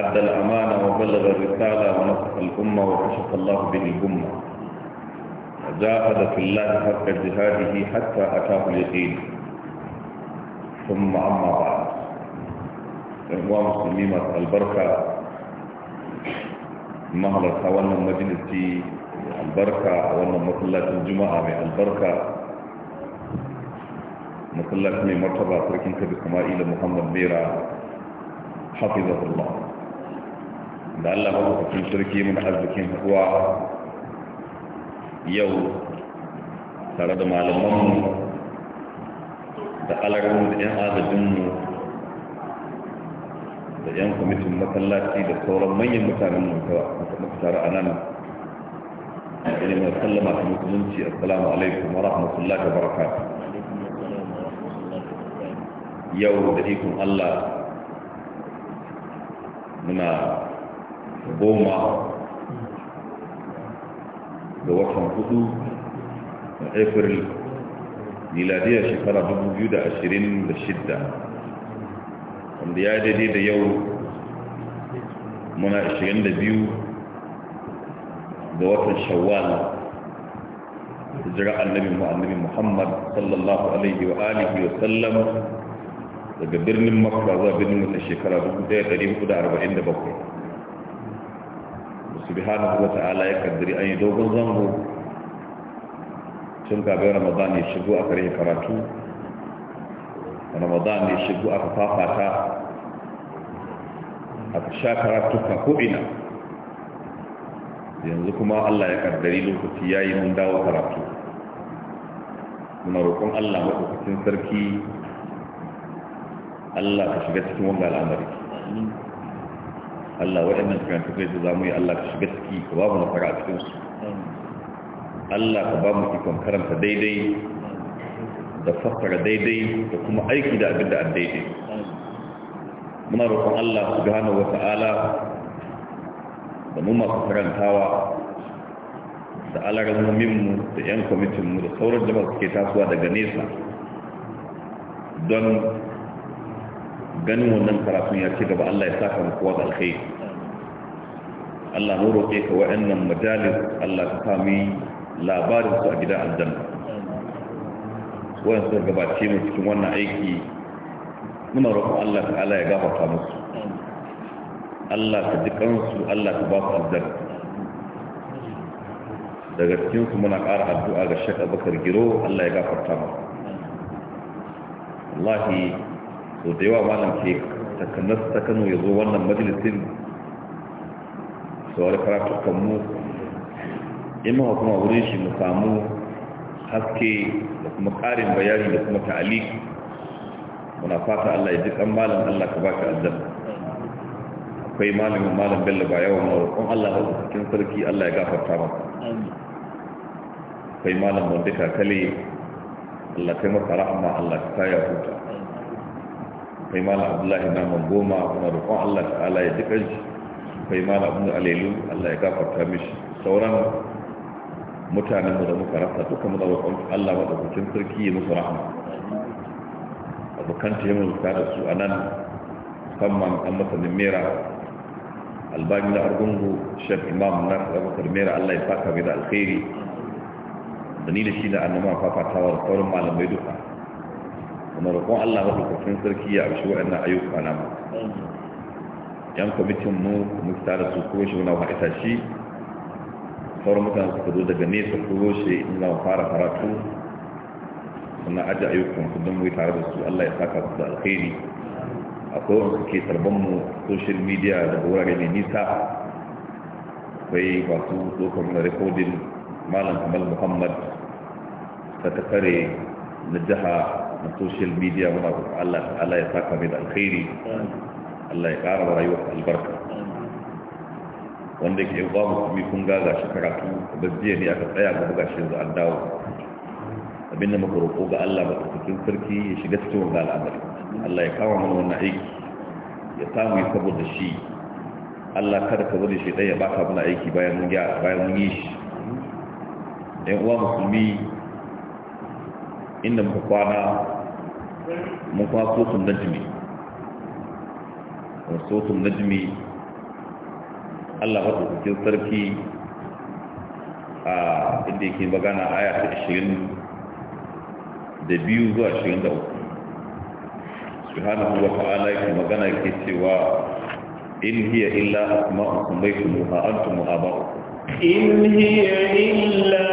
أدى الأمانة وبلغ الرسالة ونصح الأمة وكشف الله به الأمة وجاهد في الله حق جهاده حتى أتاه اليقين ثم أما بعد إخوان مسلمين البركة مهلا حولنا مجلسي البركة أولنا مصلاة الجمعة من البركة مصلاة من مرتبة تركين كبير إلى محمد ميرا حفظه الله da Allah maɗaukakin sarki mun arzikin kuwa yau tare da malamanmu da alarmu da 'yan adadinmu da 'yan kwamitin da sauran manyan mutanen a nan mai sallama ta assalamu alaikum wa rahmatullahi wa barakatuh yau da ikon Allah muna goma da watan hudu na april miladiyar shekara 2026 wanda ya daidai da yau muna 22 da watan shawwal jira annabi annabi muhammad sallallahu alaihi wa alihi wa sallam daga birnin makwa zuwa birnin mutu shekara 1447 subhanahu wa ta'ala ya kaddari an yi dogon zango tun gabai ramadan ya shigo aka rage karatu ramadan ya shigo aka fafata aka sha karatu ka ko'ina yanzu kuma allah ya kaddari lokaci ya yi mun dawo karatu muna roƙon allah maɗaukakin sarki allah ka shiga cikin wanga al'amari Allah waɗannan firantukai su za mu yi Allah ka shiga ciki ka ba mu nasara a cikinsu Allah ka ba mu ikon karanta daidai da fassara daidai da kuma aiki da abin da an daidai muna roƙon Allah su subhanahu wa ta'ala da mu masu karantawa da alarmominmu da 'yan kwamitinmu da sauran jama'a suke tasowa daga nesa don ganin wannan karatun ya ce, gaba Allah ya saka mu kowa da alkhairi Allah mu roƙe ka wa'annan majalis Allah ka sami labarin su a gida aljanna wa'ansu gabace mu cikin wannan aiki muna roƙon Allah ta ta'ala ya gafarta musu Allah ka ji kansu Allah ka ba su aljanna daga cikin su muna ƙara addu'a ga Sheikh Abubakar Giro Allah ya gafarta masa wallahi so da yawa malam ke takannas ta Kano ya zo wannan majalisin saurari karatukanmu in muka kuma wurin shi mu samu haske da kuma ƙarin bayani da kuma ta'ali muna fata Allah ya ji kan malam Allah ka baka aljanna akwai malamin malam bello ba yawan roƙon Allah ba cikin sarki Allah ya gafarta ba. akwai malam wanda ka kale Allah kai maka rahama Allah ka ya huta akwai malam Abdullahi na goma muna roƙon Allah ta'ala ya ji kanshi akwai malam abin alelu Allah ya gafarta mishi sauran mutanen da muka rasa duka muna roƙon Allah madaukakin sarki ya musu rahama abokan taimaka da su a nan musamman an masanin mera albani na argungu shek imam na abubakar mera allah ya saka mai da alkhairi da ni da shi da annama fafatawar sauran malamai duka kuma roƙon allah mafi sarki ya amshi waɗannan ayyuka na mu yan kwamitin mu muka tara su ko shi wani haɗa shi sauran mutane suka zo daga nesa ko shi in mu fara karatu suna aji ayyukan su don mu tare da su Allah ya saka su da alkhairi a akwai wanda ke tarban mu social media daga wurare mai nisa akwai masu dokar na rikodin malam kamal muhammad ta ta kare na jiha na social media muna Allah ya saka mai da alkhairi Allah ya ƙara wa rayuwar albarka wanda ke ba musulmi kun gaga shi karatu da jiya ne aka tsaya ga buga shi an dawo abin da muka roƙo ga Allah ba cikin sarki ya shiga cikin wanda al'amari Allah ya kawo mana wannan aiki ya samu yi saboda shi Allah kada ka bari shi ɗaya ba baka mana aiki bayan mun ya bayan mun yi shi ɗan uwa musulmi inda muka kwana mun kwaso sun dan jimi sautin najmi Allah maɗaukakin sarki a inda yake magana aya da biyu zuwa 23 subhanahu wa ta'ala yake magana yake cewa in hiya illa asma'u sammaytumuha wa in hiya illa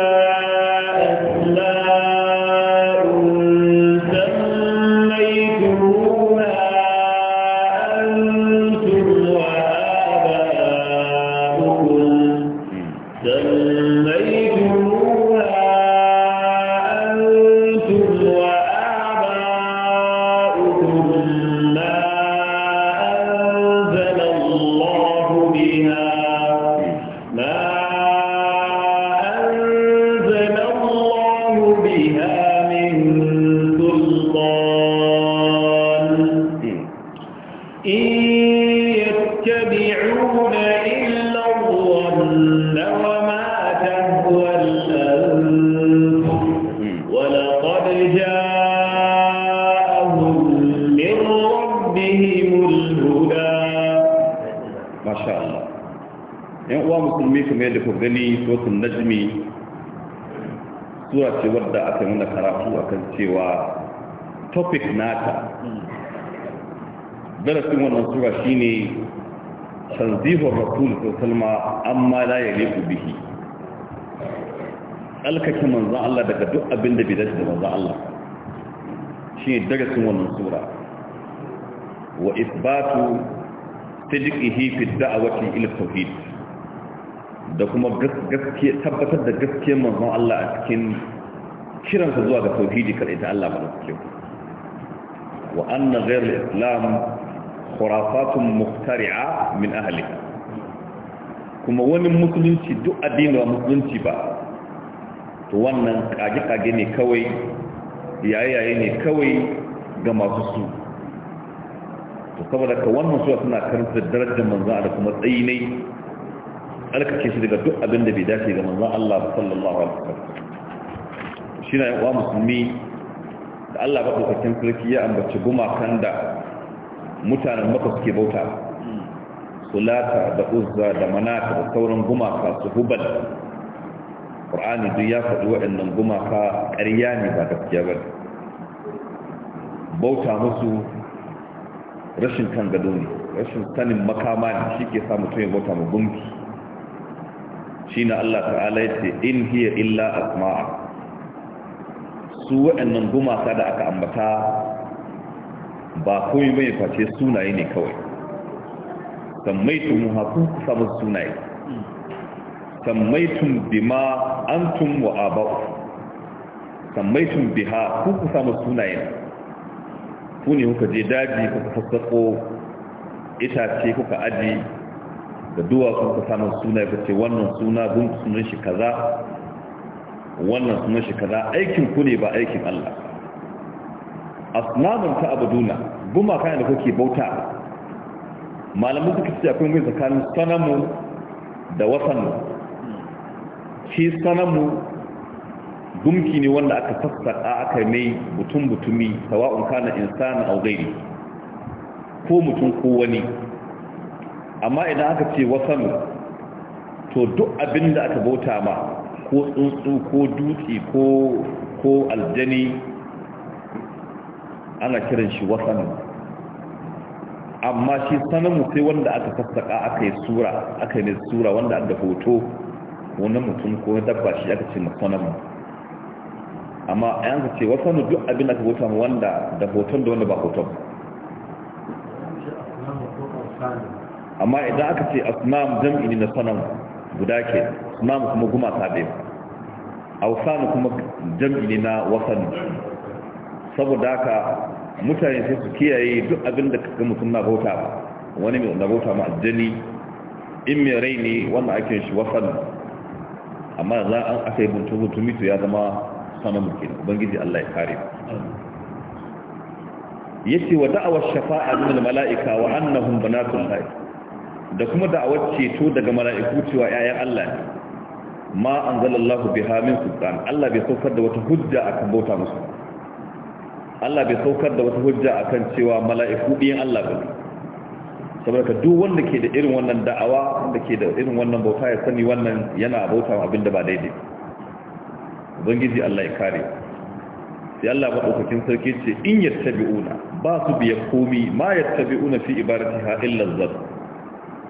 suratun najmi sura ce wadda aka yi mana karatu akan cewa topic nata darasin wannan sura shine tanzihur rasul sallama amma la yaliqu bihi alkaki manzan Allah daga duk abin da bai da manzan Allah shine darasin wannan sura wa isbatu sidqihi a da'wati ila tauhid da kuma tabbatar da gaskiyar manzon Allah a cikin kiransa zuwa ga tauhidi kadai ta Allah madaukakin wa anna ghayr al-islam khurafatun muftari'a min ahli kuma wani musulunci duk addini ba musulunci ba to wannan kage-kage ne kawai yayaye ne kawai ga masu su to saboda ka wannan suwa suna karanta darajar manzo da kuma tsayinai alkace shi daga duk abin da bai dace ga manzon Allah sallallahu alaihi wasallam shi na yawa musulmi da Allah ba kan sarki ya ambaci gumakan da mutanen maka suke bauta sulata da uzza da manata da sauran gumaka su hubal qur'ani duk ya faɗi waɗannan gumaka ƙarya ne ba gaskiya ba bauta musu rashin kan gado ne rashin sanin makama ne shi ke sa mutum ya bauta mu gunki shine Allah ta'ala yace in hiya illa asma'a su waɗannan gumaka da aka ambata ba komai bane face sunaye ne kawai sammaitumuha ku samu sunaye sammaitum bima antum wa aba'ukum sammaitun biha ku ku samu sunayen ku ne kuka je daji kuka fassako itace kuka aji da duwatsun ka samun suna ya ce wannan suna gun sunan shi kaza wannan sunan shi kaza aikin ku ne ba aikin Allah asnamun ta abuduna guma kayan da kuke bauta malamin suka ce akwai mai tsakanin sanamu da wasanmu shi sanamu gumki ne wanda aka sassaka aka mai mutum-mutumi sawa'un kana insana au gairi ko mutum ko wani amma idan aka ce wasan to duk abin da aka bauta ma ko tsuntsu ko dutse ko aljani ana kiran shi wasan amma shi sanamu sai wanda aka sassaƙa aka yi sura aka yi sura wanda aka hoto wani mutum ko dabba shi aka ce masanamu amma a yanzu ce wasanu duk abin da bauta ma wanda da hoton da wanda ba hoton amma idan aka ce asnam jam'i ne na sanan guda ke asnam kuma gumaka ɗaya awsan kuma jam'i ne na wasan saboda haka mutane sai su kiyaye duk abin da kaga mutum na bauta ba wani mai na bauta ma aljani in mai rai ne wanda ake shi wasan amma za an aka yi buntu buntu mitu ya zama sanan mukin ubangiji Allah ya kare yace wa da'awar shafa'a min malaika wa annahum banatun lahi da kuma da'awar ceto daga mala'iku cewa ‘ya'yan Allah ne ma an zalallahu bi hamin sultan Allah bai saukar da wata hujja akan bauta musu Allah bai saukar da wata hujja akan cewa mala'iku biyan Allah ba ne saboda duk wanda ke da irin wannan da'awa wanda ke da irin wannan bauta ya sani wannan yana bauta abin da ba daidai ubangiji Allah ya kare sai Allah maɗaukakin sarki ce in yattabi'una ba su biya komi ma yattabi'una fi ibaratiha illa zalal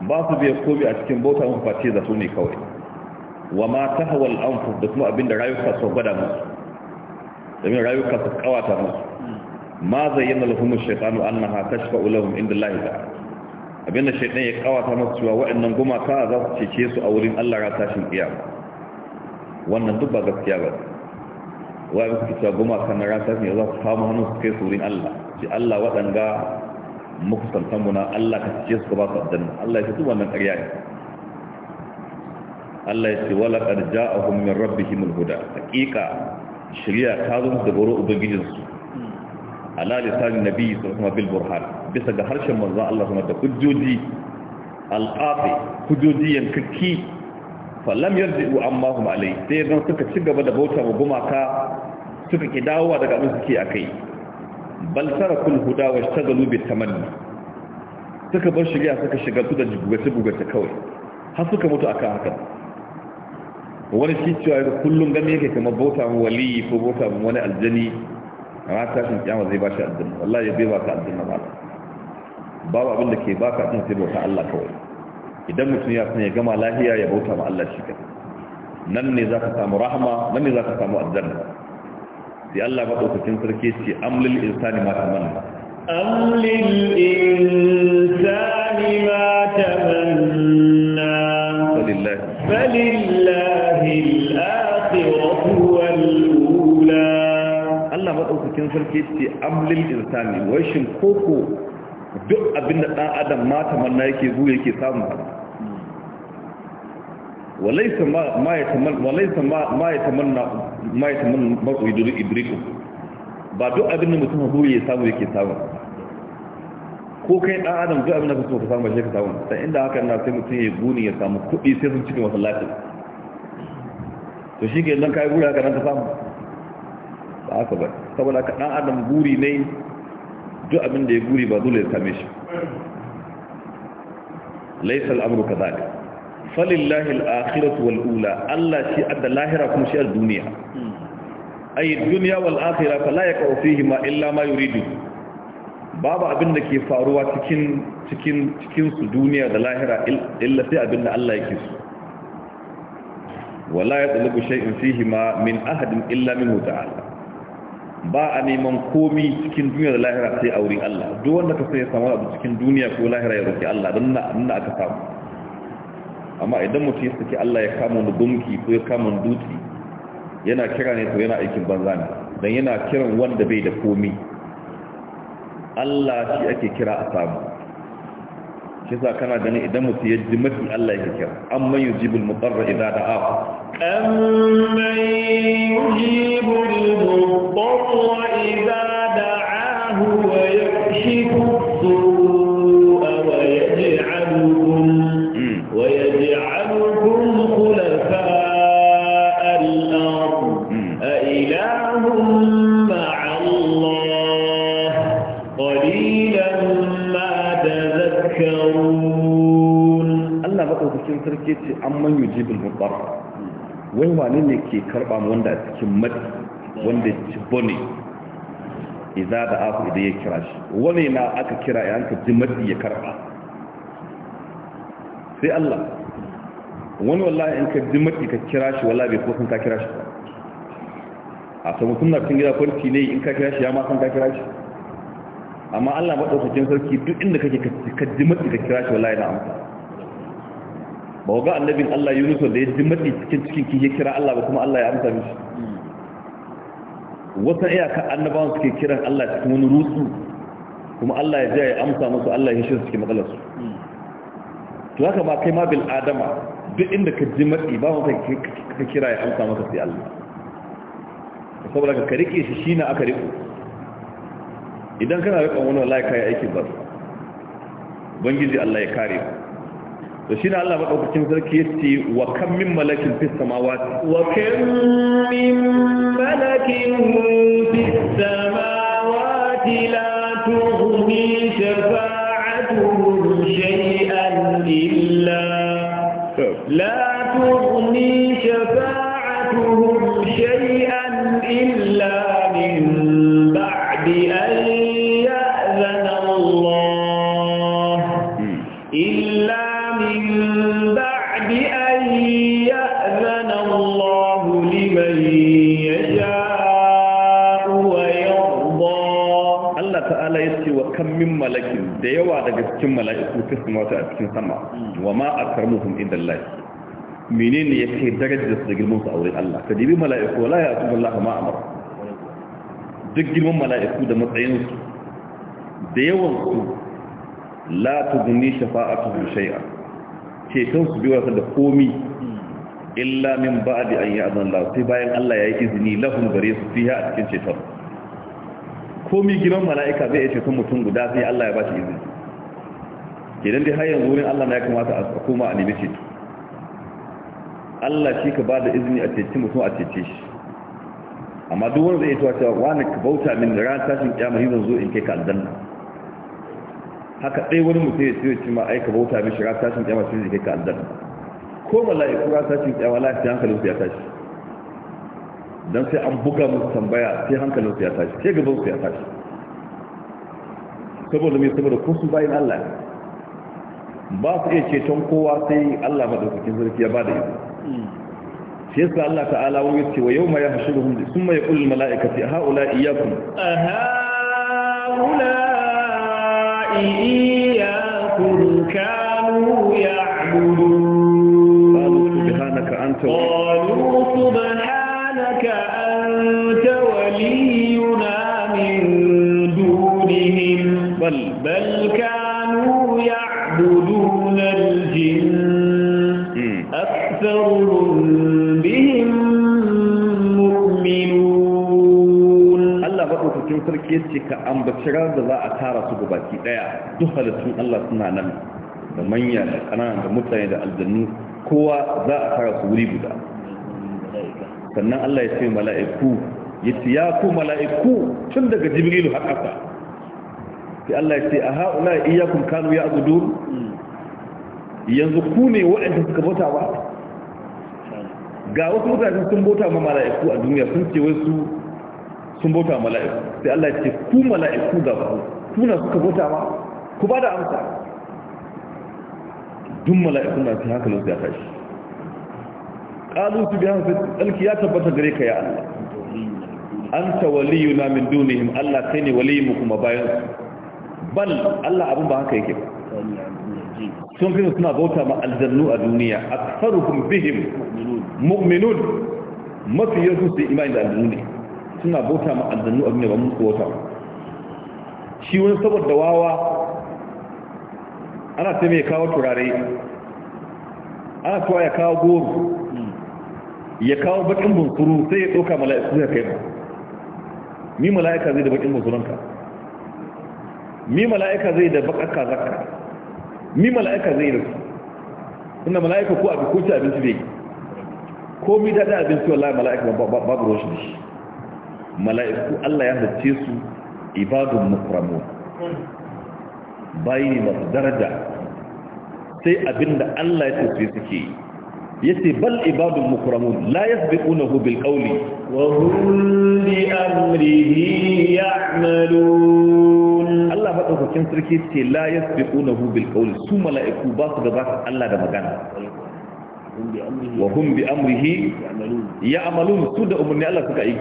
ba su biya komi a cikin bauta musu face su ne kawai wa ma ta hawa al'amfu da kuma abinda da rayuka su gwada musu domin rayuka su kawata musu ma zai yana lahumun shaitanu an na haka shi fa'ulahun inda lahi da abin da shaitan ya kawata musu cewa waɗannan gumaka za su cece su a wurin allah ra tashin kiyama wannan duk ba gaskiya ba wa'in suke cewa gumaka na ra ne, ya za su samu hannun su kai su wurin allah ce allah waɗanda makusantan mu na Allah ka ce su ba su aljanna Allah ya ce duk wannan ƙarya ne Allah ya ce wala qad ja'ahum min rabbihim al-huda haqiqa shari'a ta zo daga wurin ubangijin su ala lisan nabi sallallahu alaihi wasallam bil burhan bisa ga harshen manzo Allah kuma da kujjoji, al-qafi hujjoji yankaki falam yarji'u amma hum alai sai dan suka ci gaba da bauta wa gumaka suka ki dawowa daga abin suke akai bal tarakul huda wa ishtagalu bit tamanni suka bar shirya suka shiga da gugace gugace kawai har suka mutu akan haka wani shi cewa ga kullum game yake kamar bauta mu wali ko bauta mu wani aljani amma tashin kiyama zai bashi shi aljanna wallahi bai ba ka aljanna ba babu abin da ke baka din sai bauta Allah kawai idan mutum ya san ya gama lahiya ya bauta ma Allah shi kadai nan ne zaka samu rahama nan ne zaka samu aljanna sai Allah maɗaukakin sarki ce amlil insani ma tamanna amlil insani ma tamanna falillahi falillahi al-akhiratu wal ula Allah maɗaukakin sarki ce amlil insani wai shin koko duk abinda dan adam ma tamanna yake zuwa yake samu وليس ما ما يتمنى وليس ما ما يتمنى ما يتمنى مرء يدركه ba duk abin da mutum huri ya samu yake samu ko kai ɗan adam duk abin da ka so ka samu shi ka samu dan inda haka na sai mutum ya guni ya samu kuɗi sai sun cikin masallacin to shi ke nan kai guri haka nan ka samu ba haka ba saboda ka ɗan adam guri ne duk abin da ya guri ba dole ya same shi laysa al-amru kadhalik falillahi al-akhiratu wal ula Allah shi adda lahira kuma shi ad-duniya ay ad-dunya wal akhirah fala yaqau fihi ma illa ma yuridu babu abin da ke faruwa cikin su duniya da lahira illa sai abin da Allah yake su. wala ya yatlubu shay'in fihi ma min ahadin illa min wuta Allah. ba a neman komi cikin duniya da lahira sai a wurin Allah duk wanda ka sai ya samu abu cikin duniya ko lahira ya roki Allah dan na aka samu amma idan mutum ya saki Allah ya kama wani gumki ko ya kama wani dutse yana kira ne to yana aikin banza ne don yana kiran wanda bai da komi Allah shi ake kira a samu shi sa kana gani idan mutum ya ji mafi Allah ya kira amma yi jibin mutarra idan da aku amma yi jibin mutarra idan da ahu wa ya fi kusuru ce an man yi jibin babbar wai wani ne ke karba wanda a cikin mati wanda ne, bane za da aku idan ya kira shi wani na aka kira ya hanka ji mati ya karɓa sai Allah wani wallahi in ka ji mati ka kira shi wallahi bai kusan ka kira shi ba a mutum na cikin gida kwarci ne in ka kira shi ya ma san ka kira shi amma Allah maɗaukakin sarki duk inda kake ka ji mati ka kira shi wallahi na amsa ba ga annabin Allah Yunus da ya jimmaɗi cikin cikin ki ya kira Allah ba kuma Allah ya amsa mishi wata iyaka annabawan suke kiran Allah cikin wani rutsu kuma Allah ya ya amsa musu Allah ya shi suke matsalar su to haka ba kai ma bil adama duk inda ka ji jimmaɗi ba mu ka kira ya amsa maka sai Allah saboda ka rike shi shi na aka riko idan kana rikon wani wallahi kai aikin ba su, ubangiji Allah ya kare ku da shi ne Allah maɗaukacin sarki yace wa kan min malakin fi samawati wa kan min malakin fi samawati la tughni shafa'atuhum shay'an illa la tughni shafa'atuhum shay'an illa da yawa daga cikin mala'iku ta sama ta a cikin sama wa ma akramuhum inda Allah menene ya kai darajar da girman su a wurin Allah ka dibi mala'iku wala ya asu Allah ma amara duk girman mala'iku da matsayin su da yawan su la tugni shafa'atuhum shay'a ce kan su biwa da komi illa min ba'di an ya'dhan Allah sai bayan Allah ya yi izini lahum gare su fiha a cikin ceton komi giran mala'ika zai iya sun mutum guda sai Allah ya ba shi izini idan dai har yanzu wurin Allah na ya kamata a koma a nemi ceto Allah shi ka ba da izini a ceci mutum a cece shi amma duk wanda zai iya cewa wani ka bauta min da ran tashin kyamar yi zo in kai ka aljanna haka ɗaya wani mutum ya ce yi cima ai aika bauta min shi ran tashin kyamar shi in kai ka aljanna ko mala'iku ran tashin kyamar lafiya hankalin su ya tashi don sai an buga musu tambaya sai hankalin su ya tashi sai gaban su ya tashi saboda mai saboda ko su bayan Allah ba su iya ceton kowa sai Allah madaukakin sarki ya bada yanzu shi yasa Allah ta'ala wani yace wa yawma yahshuruhum thumma yaqulu lil mala'ikati haula iyyakum haula iyyakum kanu ya'budun qalu subhanaka anta qalu subhanaka سبحانك أنت ولينا من دونهم بل, بل كانوا cikin sarki ce ka ambaci da za a tara su baki daya duk halittun Allah suna nan da manya da ƙanana da mutane da aljannu kowa za a tara su wuri guda sannan Allah ya ce mala'iku ya ce ya ku mala'iku tun daga jibrilu har ƙasa sai Allah ya ce a haula iyakun kanu ya abudu yanzu ku ne waɗanda suka bauta ba ga wasu mutane sun bauta ma mala'iku a duniya sun ce wai su sun bauta mala'iku sai Allah ya ce ku mala'iku ga ku kuna suka bauta ma ku ba da amsa dun mala'iku na su haka su ya tashi qalu subhana alki ya tabbata gare ka ya Allah An anta waliyuna min dunihim Allah kai ne waliyu kuma bayan bal Allah abun ba haka yake sun fi suna bauta ma aljannu a duniya aktsaruhum bihim mu'minun mafi yasu su imani da aljannu ne suna bauta ma aljannu a duniya ba mun bauta shi wani saboda wawa ana ta mai kawo turare ana kuwa ya kawo goro ya kawo bakin bunsuru sai ya ɗauka mala'iku ya kai mi mala'ika zai da bakin bunsurunka mi mala'ika zai da bakaka zaka mi mala'ika zai da su inda mala'ika ko abin kuce abinci bai ko mi daɗin abinci wallahi mala'ika babu roshi da shi mala'iku Allah ya hace su ibadun mukramu bayi masu daraja sai abinda Allah ya tafi suke yi yace bal ibadul mukramun la yasbiqunahu bil qawli wa hum bi amrihi ya'malun Allah madaukakin sarki ce la yasbiqunahu bil qawli su mala'iku ba su gaba Allah da magana wa hum bi amrihi ya'malun su da umurni Allah suka yi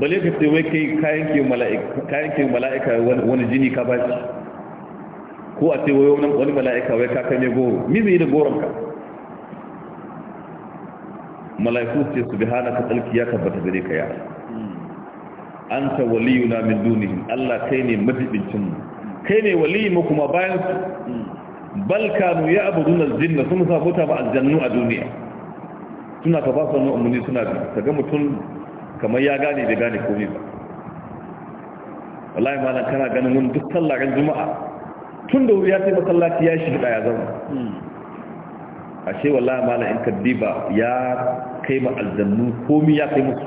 bale ka ce wai kai kayan ke mala'ika kayan ke mala'ika wani jini ka baci ko a ce wai wani mala'ika wai ka kai ne goro me zai da goron ka mala'iku ce su subhanaka tsalki ya tabbata gare ka ya anta na min dunihim Allah kai ne majibincin mu kai ne waliyi mu kuma bayan su Balkanu ya abu al-jinna sun sabuta ba aljannu a duniya suna ka ba su wannan umuni suna ka ga mutum kamar ya gane da gane komai ba wallahi malam kana ganin wani duk sallar juma'a tun da wuri ya sai masallaci ya shi da ya zama ashe wallahi mala in kaddiba ya kai ma aljannu komi ya kai musu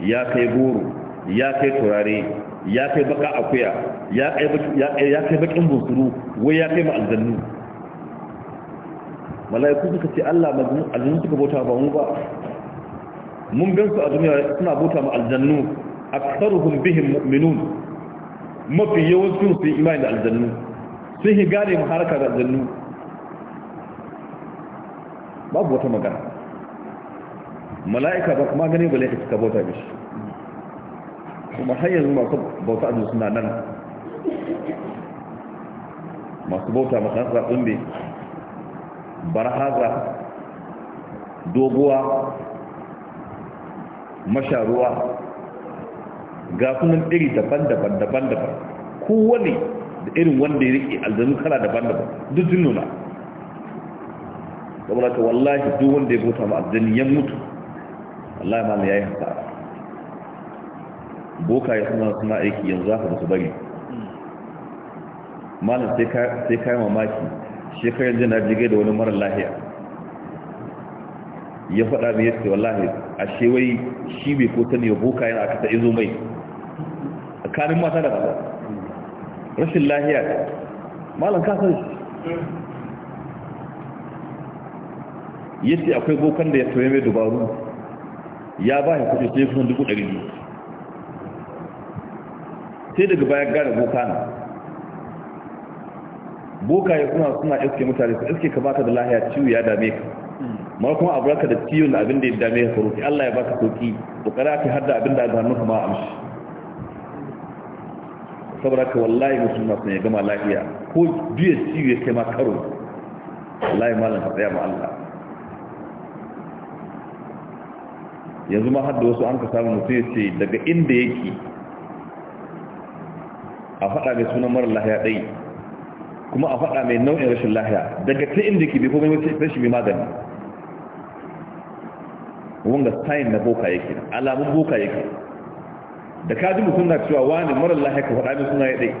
ya kai goro ya kai turare ya kai baka akuya ya kai bakin bunsuru wai ya kai ma aljannu mala'iku suka ce Allah aljannu suka bauta ba mu ba mun gan su a duniya suna bauta ma aljannu aksaruhum bihim mu'minun mafi yawancin su imani da aljannu sun gane mu harka da aljannu babu wata magana mala'ika ba kuma gane ba laifin suka bauta mishi kuma har yanzu masu bauta azu suna nan masu bauta masu nasa tsumbe barhaza doguwa masharuwa ga sunan iri daban-daban daban-daban kowane da irin wanda ya riƙe aljanu kala daban-daban duk jinnuna saboda ka wallahi duk wanda ya bauta ma ya mutu wallahi ma ya yi hasara boka ya suna suna aiki yanzu haka ba su bari malam sai kayan mamaki shekarar jin na jigai da wani mara lahiya ya faɗa mai yadda wallahi a shewai shi bai ko ta ne boka yana aka ta izo mai kanin mata da ƙasa rashin lahiya malam kasar yace akwai bokan da ya tsaye mai dubaru ya ba ya kuɗi sai kusan dubu ɗari biyu sai daga baya gara boka na boka ya kuma suna iske mutane su iske ka baka da lahiya ciwo ya dame ka ma kuma abu raka da ciwon da abin da ya dame ka roƙi Allah ya baka sauki kokara ka hadda abin da aka kuma a amshi saboda ka wallahi musulma sun ya gama lahiya ko biya ciwo ya kai ma karo wallahi malam ka tsaya ma Allah yanzu ma har da wasu an ka samu mutum ya ce daga inda yake a faɗa mai sunan marar lahiya ɗai kuma a faɗa mai nau'in rashin lahiya daga ta inda yake bai kuma yi rashin mai magani wanda sayin na boka yake alamun boka yake da ka ji mutum na cewa wani marar lahiya ka faɗa mai suna ya ɗai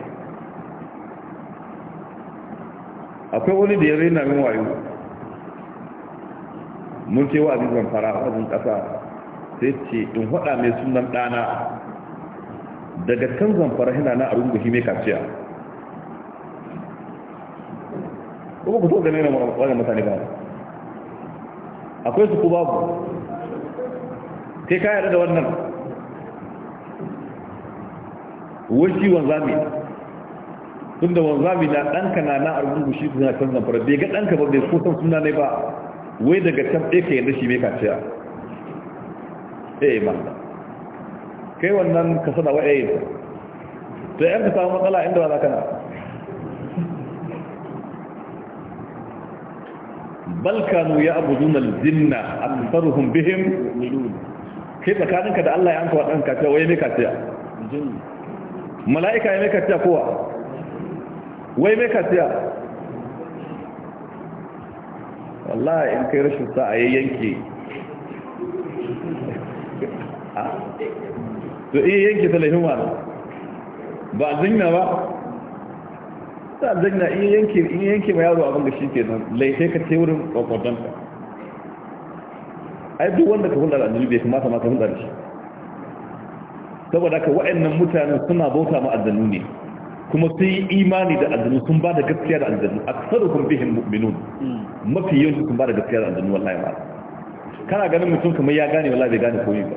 akwai wani da ya raina min wayo mun ce wa abin zamfara a wajen ƙasa sai ce in hada mai sunan ɗana daga kan zamfara hina na abin gushi mai kaciya kuma ku so gane na wajen mutane ba akwai su ku babu kai ka yarda da wannan wani wanzami da wanzami na ɗanka na na abin gushi suna kan zamfara bai ga ɗanka ba bai kusan suna ne ba wai daga can ɗaya ka yarda shi mai kaciya sai ya kai wannan ka sana wa yayi to yanka samu matsala inda ba za ka na Balkanu ya abu ya zinna, alzinna aktsaruhum bihim kai tsakaninka da Allah ya anka wadan ka ce wai me ka ce mala'ika ya me kaciya kowa wai me ka ce wallahi in kai rashin sa'a yayyanke to iya yanke talahin wa ba a zina ba ta zina iya yanke iya yanke ma yaro abin da shi ke nan laifai ka ce wurin kwakwatanta ai duk wanda ka hulɗa da annabi bai kamata ma ka hulɗa da shi saboda ka wa'annan mutanen suna bauta ma addanu ne kuma sun yi imani da aljanu sun ba da gaskiya da aljanu a kuma bihin mu'minun mafi yawanci sun ba da gaskiya da aljanu wallahi ba kana ganin mutum kamar ya gane wallahi bai gane komai ba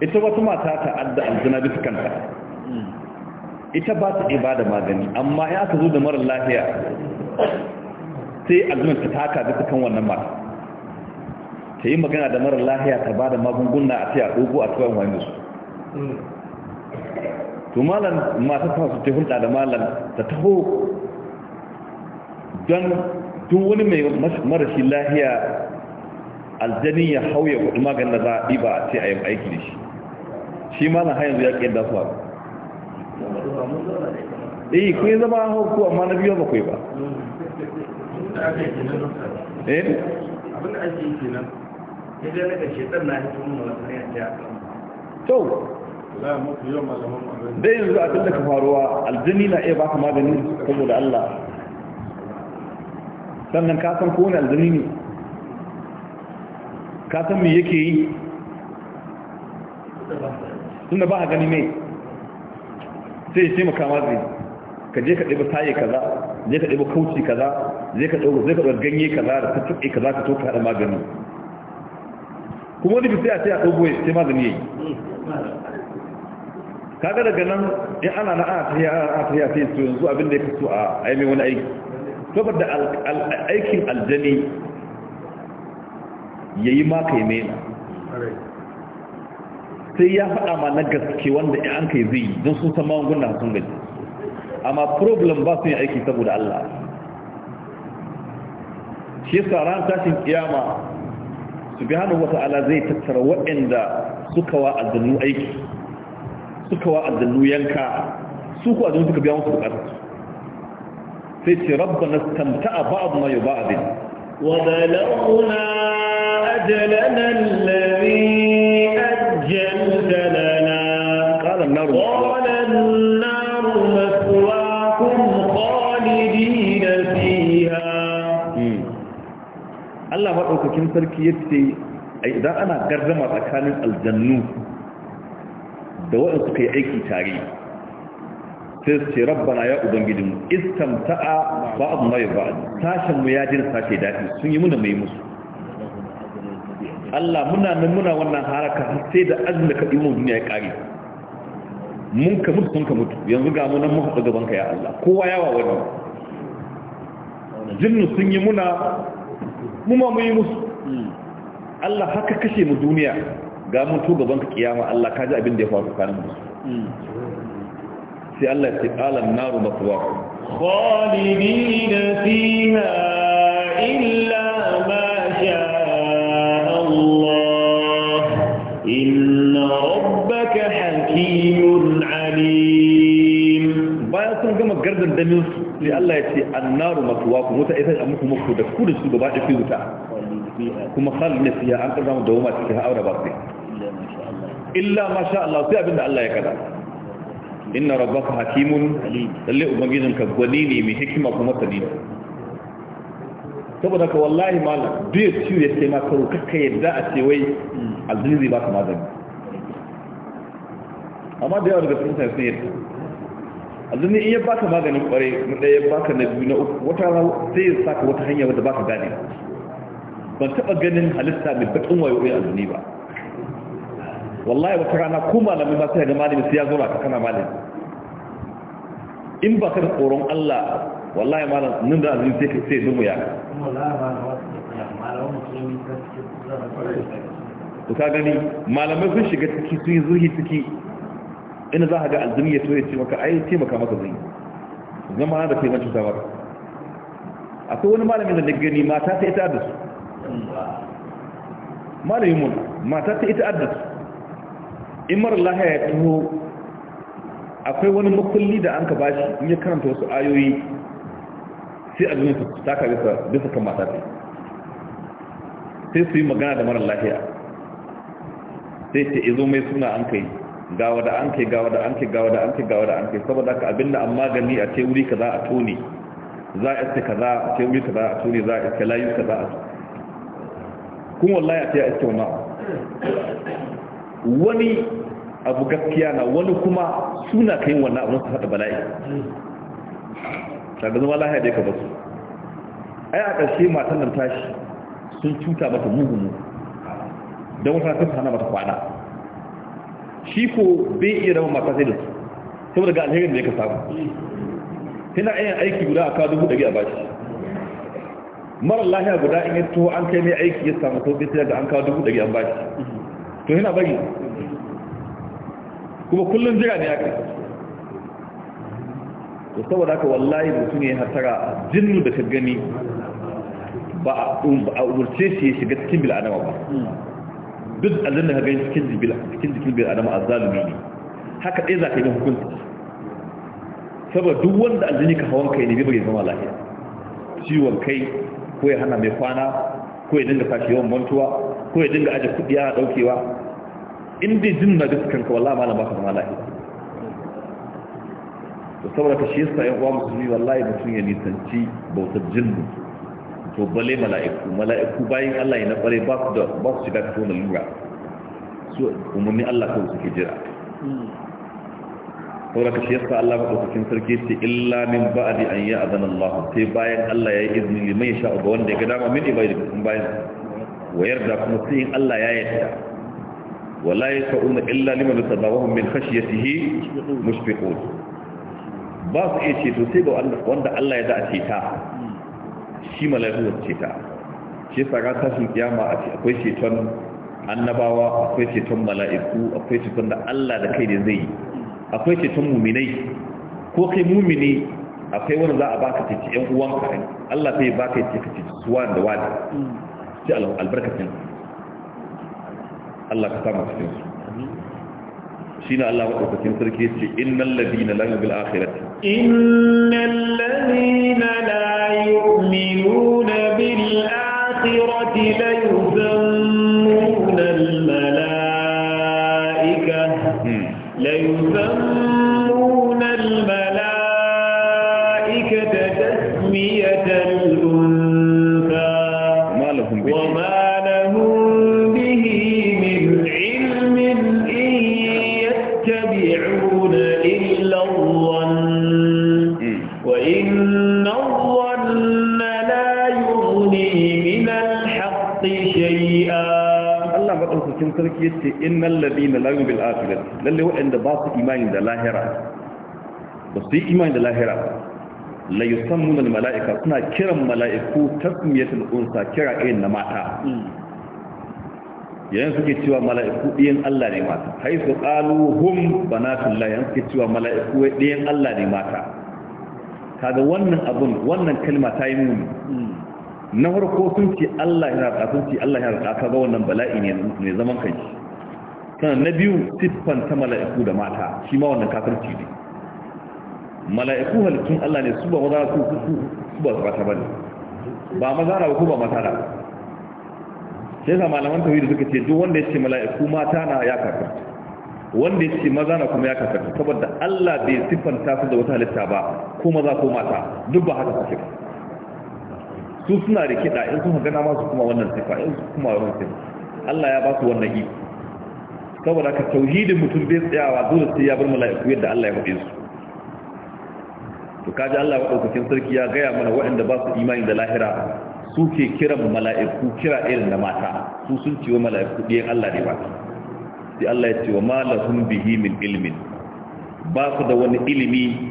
ita wasu mata ta adda aljina bisa kanta ita ba ta ibada magani amma ya ka zo da marar lafiya sai aljinan ta taka bisa kan wannan mata ta yi magana da marar lafiya ta ba da magunguna a a yaɗogo a tsawon wani su to malam mata ta su ta hulɗa da malam ta taho don tun wani mai marashi lafiya aljani ya hauya kudi maganin da za a ɗiba a ce a yi aiki da shi shi ma na hanyar ya ƙin dafa eh kun yi zama hauku amma na biyu ba kai ba eh abin da ake yi kenan ya zai daga shekar na hito nuna wata hanyar ta to dai yanzu abin da ka faruwa aljani na iya baka magani saboda Allah sannan ka san kowane aljini ne ka san me yake yi da ba a gani mai sai ya ce maka zai ka je ka ɗiba saye kaza je ka ɗiba kauci kaza zai ka ɗauka ganye kaza da ta tuɓe kaza ka toka haɗa magani kuma wani bisa a ce a ɗogo ya ce magani ya yi kaga daga nan in ana na ana tafiya ana tafiya sai su yanzu abin da ya kasu a aimi wani aiki saboda aikin aljani ya yi maka yi sai ya faɗa ma na gaske wanda in an kai zai don sun san magunguna sun gaji amma problem ba su yi aiki saboda Allah shi yasa ran tashin kiyama subhanahu wata'ala zai tattara waɗanda suka wa azannu aiki suka wa azannu yanka su ku azannu suka biya wasu bukatar sai ce rabbana stamta'a ba'duna yuba'din wa balawna أجلنا الذي أجلت لنا قال النار قال النار خالدين فيها الله maɗaukakin sarki ya ce idan ana gardama tsakanin aljannu da waɗanda suka yi aiki tare sai su ce rabbana ya ubangijinmu istamta'a ba'ad mai Tashin mu ya jin sashe daɗi sun yi muna mai musu Allah muna nan muna wannan haraka sai da azumi ka dimo duniya ya kare mun ka mutu mun ka mutu yanzu ga mu nan mun haɗu gaban ka ya Allah kowa yawa wani jinnu sun yi muna mu ma mu yi musu Allah haka kashe mu duniya ga mun to gaban ka kiyama Allah ka ji abin da ya faru kanin mu sai Allah ya ce alam naru maswa khalidina fiha illa ma sha inna rabbaka hakimun alim bayan sun gama gardar damin su Allah ya ce annaru matuwa kuma wuta ita a muku muku da ku da su gaba da fi wuta kuma khalna fiya an kaza mu dawoma cikin aure ba illa ma sha Allah sai abinda Allah ya kada inna rabbaka hakimun lalle ubangijinka gwani ne mai hikima kuma sadida saboda ka wallahi malam duk ya ciwo ya sai ma karo kakka yadda a ce wai aljini zai baka magani amma da yawa daga sun sai sun yadda aljini in ya baka maganin kware na ɗaya baka na biyu na uku wata sai ya saka wata hanya wadda baka gane ban taɓa ganin halitta mai baƙin wayo ɗaya aljini ba wallahi wata rana ko malami ba sai ga malami sai ya zo ka kana malami in ba ka da tsoron Allah wallahi malam nan da aljini sai ka sai dumu ya to ka gani malamai sun shiga ciki sun yi zuhi ciki ina za a ga aljini ya toye ce maka ai taimaka maka zai zama da taimakon cuta akwai wani malamin da na gani mata ta ita da su malamin mun mata ta ita da su in mara lahaya ya taho akwai wani makulli da an ka bashi in ya karanta wasu ayoyi sai a ganin su taka bisa kan mata ce sai su yi magana da marar lafiya sai ce izo mai suna an kai gawa da an kai gawa da an kai gawa da an kai gawa da an kai saboda abin da an magani a ce wuri za a tone za a iske kaza a ce wuri kaza a tone za a iske layu kaza a tone kuma wallahi a ce a iske wani wani abu gaskiya na wani kuma suna kai wannan abin su bala'i kaga zama lahiya da ya kaba su ai a ƙarshe matan nan tashi sun cuta mata mugun don wata sun hana mata kwana shi ko bai iya rama mata sai da su saboda ga alherin da ya ka samu tana iya aiki guda a kawo dubu ɗari a bashi mara lahiya guda in yato an kai mai aiki ya samu sauƙi sai da an kawo dubu ɗari a bashi to yana bari kuma kullum jira ne ya kai da saboda haka wallahi mutum ya hatara jinnu da ka gani ba a umarce shi ya shiga cikin bil adama ba duk aljanna ka gani cikin jikin bil adama a zalumi ne haka ɗaya za ka yi hukunta. saboda duk wanda aljini ka hawan kai ne bai bai zama lafiya ciwon kai ko ya hana mai kwana ko ya dinga fashi yawan mantuwa ko ya dinga aje kuɗi a ɗaukewa in dai jin na dukkan ka wallahi na ba ka zama lafiya da saboda ka shi yasa yan uwa musulmi wallahi mutum ya nisanci bautar jinnu to bale mala'iku mala'iku bayan Allah ya na bare ba su da ba su shiga cikin lura su umarni Allah kawai suke jira saboda ka shi yasa Allah ba cikin sarki ce illa min ba'di an ya'zana Allah sai bayan Allah ya yi izini liman yasha ga wanda ya ga dama min ibadi kun bayan wa yarda kuma sai in Allah ya yarda wala yasa'una illa liman tatabawahum min khashyatihi mushfiqun ba su iya ceto sai ga wanda Allah ya za a ceta shi mala'iku za ceta shi yasa tashin kiyama a ce akwai ceton annabawa akwai ceton mala'iku akwai ceton da Allah da kai da zai yi akwai ceton muminai ko kai mumini akwai wani za a baka ceci yan uwan kare Allah sai baka ce ka ceci suwa da wani mm. sai albarkacin Allah ka samu cikinsu shine Allah madaukakin sarki yace innal ladina la yu'minuna bil akhirati innal ladina la yu'minuna bil akhirati la yuzammuna al malaika la yuzammuna sarki yace innal ladina la yu'minu bil akhirah lalle waɗanda ba su imani da lahira ba su imani da lahira la yusammuna al mala'ika suna kiran mala'iku tasmiyatul unsa kira irin na mata yayin suke cewa mala'iku ɗiyan Allah ne mata haisu qalu hum banatul la yan suke cewa mala'iku ɗiyan Allah ne mata kaga wannan abun wannan kalma ta yi muni hmm. na farko sun ce Allah ya raka sun ce Allah ya raka ka ga wannan bala'i ne ne zaman kai sannan na biyu siffan ta mala'iku da mata shi ma wannan kafirci ne mala'iku halittun Allah ne su ba maza su su su ba mata bane ba maza na ko ba mata na sai ga malaman tawhid suka ce duk wanda ya ce mala'iku mata na ya kafirta wanda ya ce maza na kuma ya kafirta saboda Allah bai siffanta su da wata halitta ba ko maza ko mata duk ba haka suke ba su suna da kiɗa in sun gana masu kuma wannan sifa in su kuma wannan sifa Allah ya ba su wannan iko saboda ka tauhidin mutum bai tsayawa dole sai ya bar mala'iku yadda Allah ya faɗe su to kaji Allah ya ɗaukakin sarki ya gaya mana waɗanda ba su imani da lahira su ke kiran mala'iku kira irin da mata su sun ce wa mala'iku ɗiyan Allah ne ba sai Allah ya ce wa malahum bihi min ilmin ba su da wani ilimi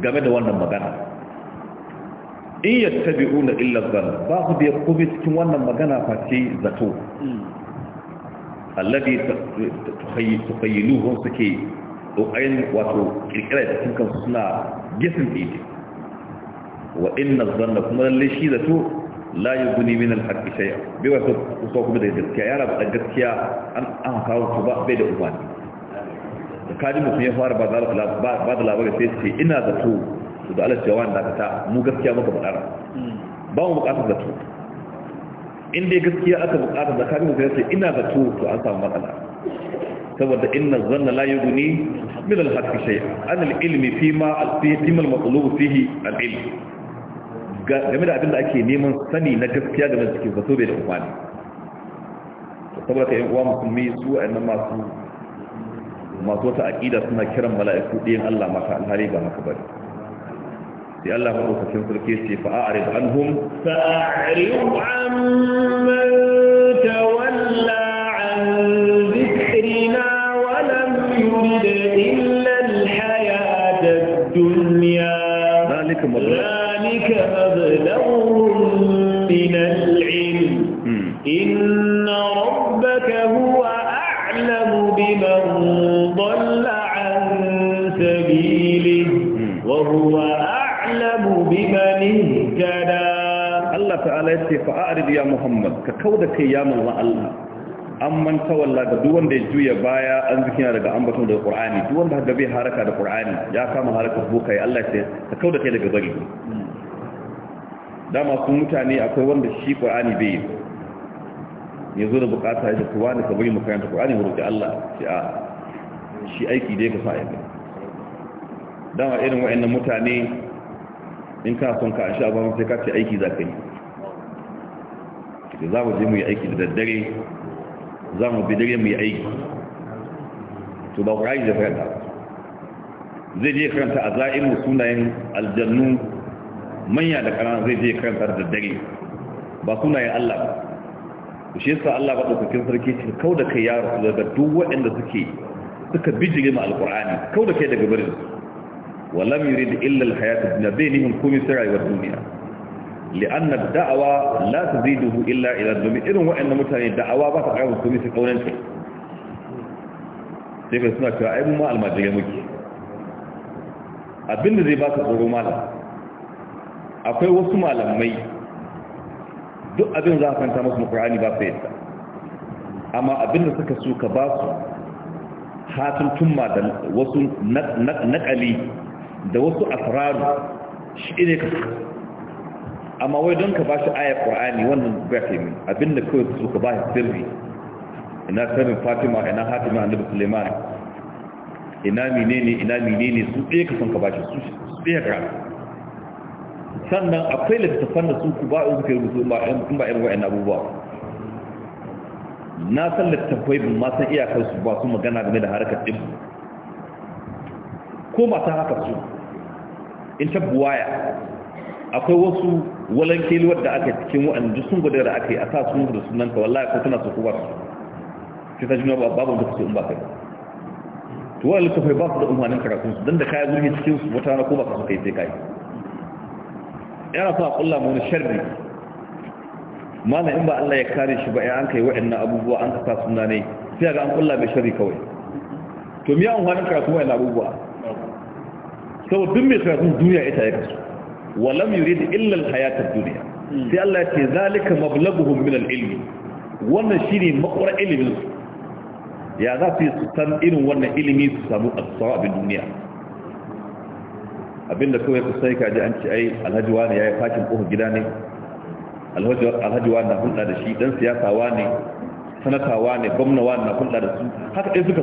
game da wannan magana in yattabi'una illa dhann ba su biya kuma cikin wannan magana face zato alladhi tukhayyiluhum suke ayin wato kirkira da cikin kansu suna gisin dide wa inna dhanna kuma lallai shi zato layu yughni min al-haqqi shay'a bai wato so kuma da gaskiya yara ba gaskiya an an kawo su ba bai da umarni Kadi mutum ya fara ba da labarai sai ce ina zato to da Allah jawan da ta mu gaskiya muka bukara ba mu da zato in dai gaskiya aka bukatar da ka mutum sai ina zato to an samu matsala saboda inna zanna la yughni min al-haqqi shay'a an al-ilmi fi ma al-fihi ma al-matlub fihi al-ilm game da abin da ake neman sani na gaskiya game da cikin zato bai da amfani saboda ka yan uwa musulmi su wa'annan masu masu wata aƙida suna kiran mala'iku ɗiyan Allah mata alhari ba haka bane sai Allah madaukakin sarki ce fa'arid anhum fa'arid amman tawalla an dhikrina wa lam yurid ya ce a'rid ya muhammad ka kauda kai ya manzo Allah an man tawalla da duk wanda ya juya baya an zikina daga ambaton daga qur'ani duk wanda haka bai haraka da qur'ani ya kama haraka boka ya Allah ya ka kauda kai daga bari dama kun mutane akwai wanda shi qur'ani bai ya zo da bukata ya tuwa wani ka bari mu karanta qur'ani mu roki Allah shi a shi aiki dai ka sa yi. dama irin wa'annan mutane in ka son ka a sha sai ka ce aiki za yi da za mu je mu yi aiki da daddare za mu bi dare mu yi aiki to ba ƙurari da karanta zai je karanta a za'imu sunayen aljannu manya da ƙanan zai je karanta da daddare ba sunayen Allah ba shi yasa Allah ba ɗaukakin sarki ce kau da kai yaro daga duk waɗanda suke suka bijire ma alƙur'ani kau da kai daga barin su walam yurid illa alhayat ad-dunya bainihim kum sirra rayuwar duniya? li'anna da'awa la taziduhu illa ila domin irin waɗannan mutane da'awa ba ta ƙarfin komai sai kaunanci sai ka suna cewa ai mu ma almajirai muke abinda zai ba tsoro malam akwai wasu malamai duk abin za ka kanta musu alqur'ani ba sai yadda amma abinda suka so ka ba su hatun da wasu da wasu asraru shi ne amma wai don ka ba shi ayar ƙwa'ani wannan ba ke abin abinda kawai su ka ba shi sirri ina sirrin fatima ina hatima a Nabi suleiman ina menene ina menene su ɗaya ka son ka ba shi su ɗaya ka sannan akwai littattafan da su ku ba in kai rubutu ba in ba irin wa'in abubuwa na san littattafai bin ma san iyakar su ba su magana game da harkar ɗin ko mata haka su in buwaya akwai wasu walanke wadda aka cikin duk sun gudu da aka yi a sa sun gudu sunan ka wallahi ko tana su su sai ta juna babu wanda kusa in ba kai to wani littafi ba su da umarnin karatun su don da kaya zurfi cikin su wata rana ko ba su kai sai kai yana sa kulla mu wani sharri mana in ba Allah ya kare shi ba ya an kai wa'annan abubuwa an kasa sa suna ne sai ga an kulla mai sharri kawai to miya umarnin karatun wa'annan abubuwa saboda duk mai karatun duniya ita ya kasu wa lam yurid illa al-hayat ad-dunya sai Allah ya ce zalika mablaghuhum min al-ilm wannan shine makwar ilimin su ya za su su san irin wannan ilimi su samu asawa abin duniya abinda kawai ku sai ka ji an ce ai alhaji wani yayi fakin kofar gida ne alhaji wani na hulɗa da shi dan siyasa wani sanata wani gwamna wani na hulɗa da su haka ɗaya suka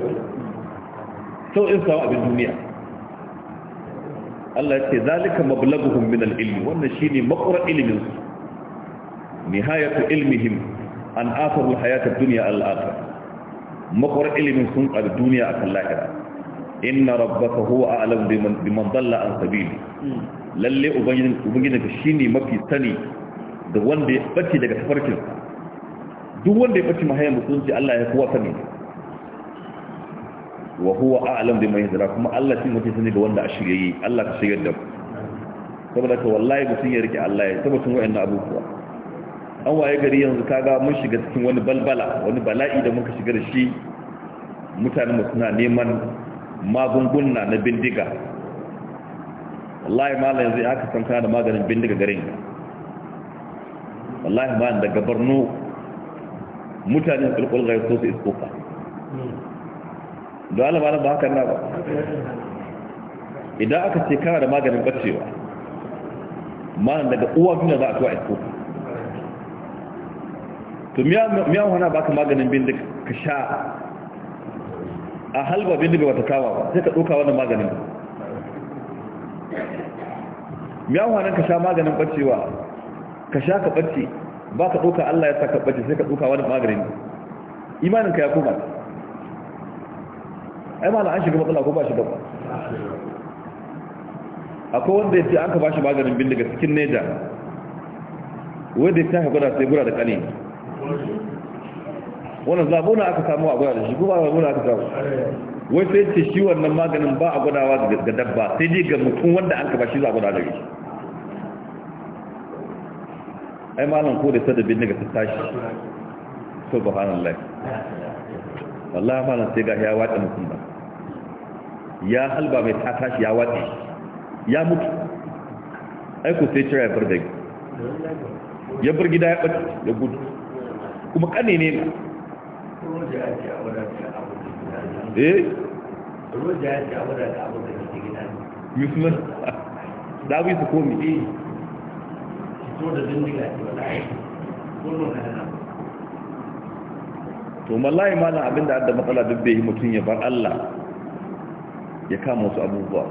so in samu abin duniya Allah ya ce zalika mablaguhum min al-ilm wannan shine makura ilimin su nihayatu ilmihim an asaru al-hayat ad-dunya al-akhir makura ilimin sun a duniya akan lahira inna rabbaka huwa a'lam biman biman dalla an sabili lalle ubangijin ubangijinka shine mafi sani da wanda ya bace daga tafarkin duk wanda ya bace mahayan musulunci Allah ya kuwa sani wa huwa a'lam bima yahdara kuma Allah shi mutum sani ga wanda a shirye Allah ka shigar da ku saboda ka wallahi mutum ya rike Allah ya sun wa'annan abubuwa an waye gari yanzu kaga mun shiga cikin wani balbala wani bala'i da muka shiga da shi mutanen mu suna neman magungunna na bindiga wallahi mallan yanzu aka san kana da maganin bindiga garin wallahi ba da gabarno mutanen kulkul gaiso su iskoka hmm. da alama ba haka na ba idan aka ce kana da maganin bacewa malam daga uwa duniya za a tuwa isko to miya wana ba ka maganin bindik ka sha a halba bindik ba ta kawa ba sai ka ɗauka wannan maganin miya wana ka sha maganin bacewa ka sha ka bace ba ka ɗauka allah ya sa ka bace sai ka ɗauka wani maganin imaninka ya koma ai malam an shiga matsala ko ba shi dabba akwai wanda ya ce an ka ba shi maganin bin daga cikin neja wanda ya ta gwada sai gura da kane wannan zabuna aka samu a gwada da shi kuma zabuna aka samu wai sai ce shi wannan maganin ba a gwadawa ga dabba sai dai ga mutum wanda an ka ba shi za a gwada da shi ai malam ko da da bin daga ta tashi subhanallah wallahi malam sai ga ya wata mutum ba ya halba mai ta tashi ya watsi ya mutu aiko sai cira ya bar da ya bar gida ya bar ya gudu kuma kane ne eh roja ce da da adda matsala duk bai mutum ya bar Allah ya kama wasu abubuwa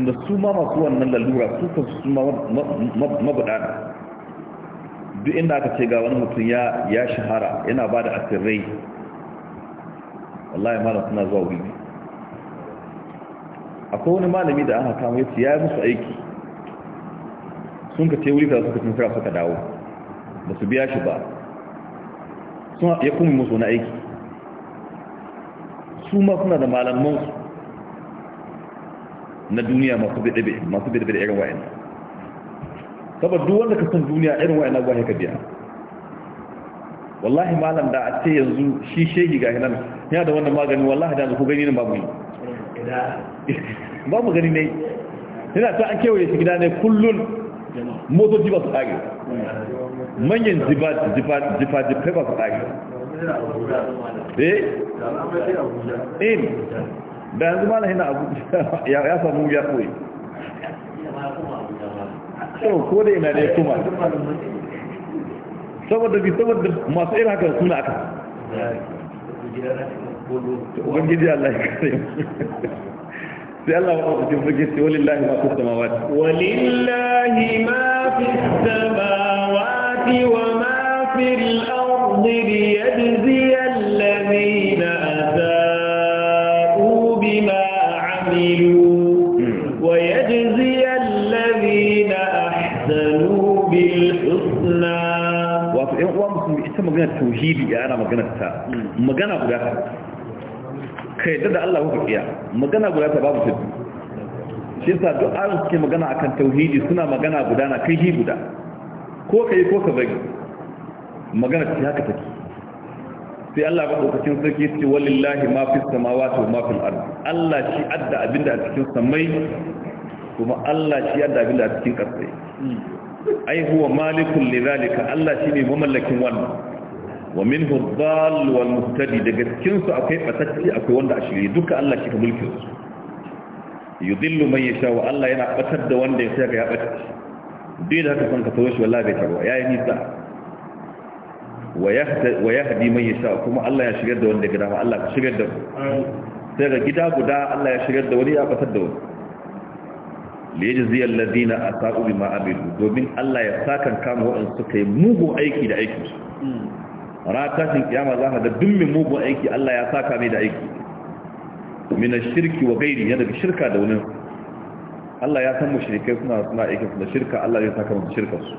da su ma masu wannan lalura su kan su ma mabudana duk inda aka ce ga wani mutum ya shahara yana ba da asirai wallahi malam suna zuwa wuri akwai wani malami da aka kama yace ya yi musu aiki sun ka ce wuri ka suka tuntura suka dawo ba su biya shi ba sun ya kuma musu wani aiki su ma suna da su. na duniya masu bidibe masu da irin wa'in saboda duk wanda ka san duniya irin wa'in abuwa ka biya wallahi malam da a ce yanzu shi shehi ga hinan ya da wannan magani wallahi da ku gani ne babu ne. babu gani ne yana ta an kewaye shi gida ne kullun motoci ba su tsage manyan jifa-jifai ba su tsage Eh? eh in da yanzu malam abuja ya samu ya koyi ko da yana kuma saboda bi saboda masu irin haka suna aka ubangiji Allah ya kare sai Allah sai walillahi ma fi walillahi ma fi wa ma fi الأرض ليجزي الذين tauhidi ya ana ta magana guda ta ka yadda da Allah kuka iya magana guda ta babu shi yasa duk an suke magana akan tauhidi suna magana guda na kai guda ko ka yi ko ka magana ta haka take sai Allah ba lokacin sarki ce walillahi ma fi samawati wa ma fil ard Allah shi adda abinda a cikin samai kuma Allah shi adda abinda a cikin ƙasa ai huwa malikul lidhalika Allah shine mamallakin wannan wa minhu dhal wal muhtadi daga cikin su akwai batacci akwai wanda a shirye duka Allah shi ka mulkin su yudillu man yasha wa Allah yana batar da wanda ya ga ya batar dai da haka san ka tawo shi wallahi bai tawo yayi nisa wa yahdi man yasha kuma Allah ya shigar da wanda gida ma Allah ka shigar da mu sai ga gida guda Allah ya shigar da wani ya fatar da wani li yajzi alladhina asa'u bima abidu domin Allah ya sakan kama waɗanda suka yi mugun aiki da aiki ratashin kiyama za ka ga min mugun aiki Allah ya saka mai da aiki min ash-shirki wa ghairi yana da shirka da wani Allah ya san mushrikai suna suna aikin su da shirka Allah ya saka musu shirkar su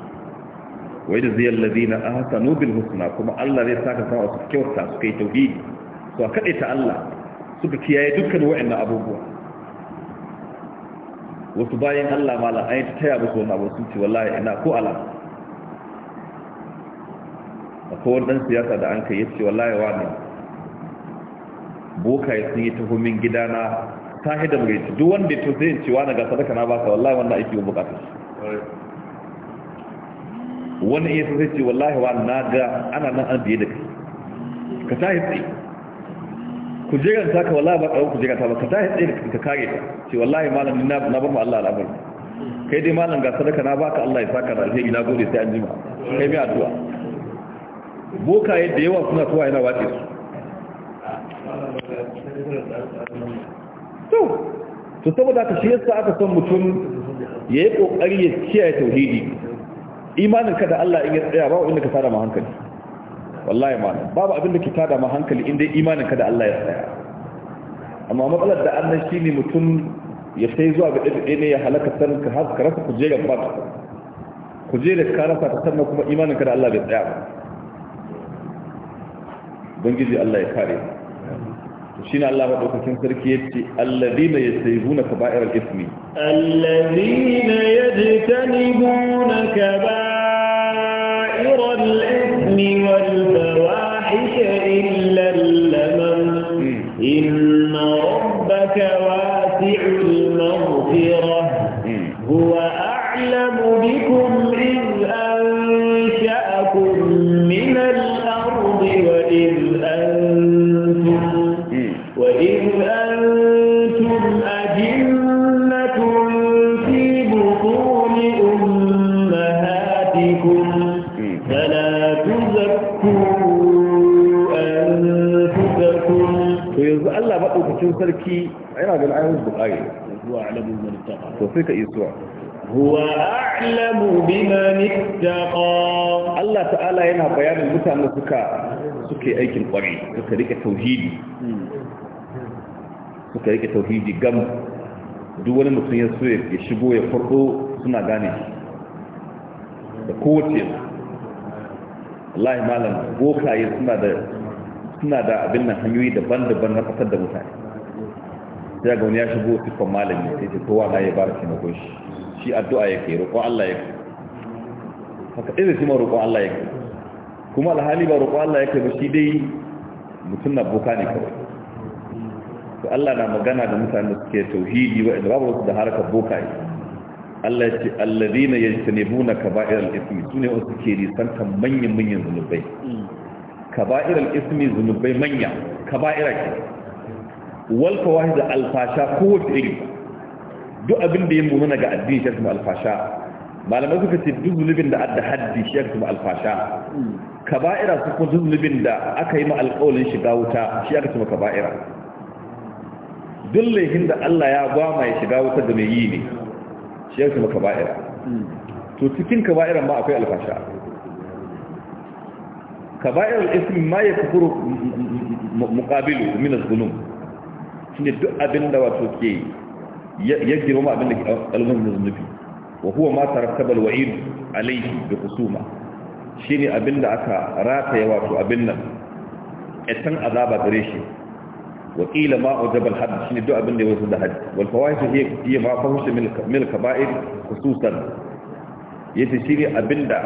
wai da ziyar na a haka nubin husna kuma allah zai saka sama wasu kyauta su kai tauhidi su a kaɗe ta allah suka kiyaye dukkan wa'in abubuwa wasu bayan allah mala an yi ta taya musu wani abu sun ce wallahi ina ko ala A kowar ɗan siyasa da an kai ya ce wallahi wa ne ya sun yi gida gidana ta hidda mai duk wanda ya to zai ce wa na ga sadaka na ka?' wallahi wannan aiki wa bukatar shi wani iya sai ce wallahi wa na ga ana nan an biye da kai ka tahi tsaye ku jiran ta ka wallahi ba ku jiran ta ba ka tahi tsaye ka kare ta ce wallahi malam na na bar mu Allah al'amari kai dai malam ga sadaka na baka Allah ya saka da alheri na gode sai an jima kai mai addu'a bokaye da yawa suna tuwa yana wace su to to saboda ka shi yasa aka san mutum yayi kokari ya kiyaye tauhidi imanin ka da Allah in ya tsaya ba inda ka tada ma hankali wallahi ma babu abin da ke tada ma hankali inda imanin ka da Allah ya tsaya amma matsalar da annan shine mutum ya sai zuwa ga dade ne ya halaka san ka har ka rasa kujerar ba ta kujerar ka rasa ta sannan kuma imanin ka da Allah bai tsaya ba ubangiji Allah ya kare mu to shine Allah madaukakin sarki yace alladina yastayibuna kaba'ir al-ithmi alladina yajtanibuna kaba'ir al-ithmi wal fawahish illa kana ganin ayoyin bukari Allah ta'ala yana bayanin mutanen suka suke aikin kwari suka rike tauhidi suka tauhidi gam duk wani mutum ya ya shigo ya farko suna gane da kowace wallahi malam bokaye suna da suna da abin nan hanyoyi daban-daban na fasar da mutane sai ga wani ya shigo tukkan malami sai ce kowa na ya bar taimakon shi shi addu'a yake roƙon Allah ya yake haka irin shi ma roƙon Allah ya yake kuma alhali ba roƙon Allah ya yake ba shi dai mutum na boka ne kawai to Allah na magana da mutane suke tauhidi wa idan babu da harkar boka yi Allah ya ce allazina yajtanibuna kaba'ir al-ithmi sune wasu ke nisantar manyan manyan zunubai kaba'ir al-ithmi zunubai manya kaba'ira ke wal fawahi da alfasha kowace iri duk abin da ya mana ga addini shi kuma alfasha malamai suka ce duk zulubin da adda haddi shi kuma alfasha kaba'ira su kuma duk zulubin da aka yi ma alƙawalin shiga wuta shi aka kuma kaba'ira duk laifin da Allah ya gwama ya shiga wuta da mai yi ne shi aka kuma kaba'ira to cikin kaba'iran ba akwai alfasha kaba'ir al-ism ma yakfuru muqabilu min az-dhunub shine duk abinda wato ke ya girma abin da ke kalmar zunubi wa huwa ma tarattaba alwa'id alayhi bi khusuma shine abinda aka rataye wato abin nan etan azaba gare shi wa qila ma ujaba alhadd shine duk abinda ya wasu da hadd wal fawahish hiya hiya ma fahush min al-kaba'ir khususan yace shine abin da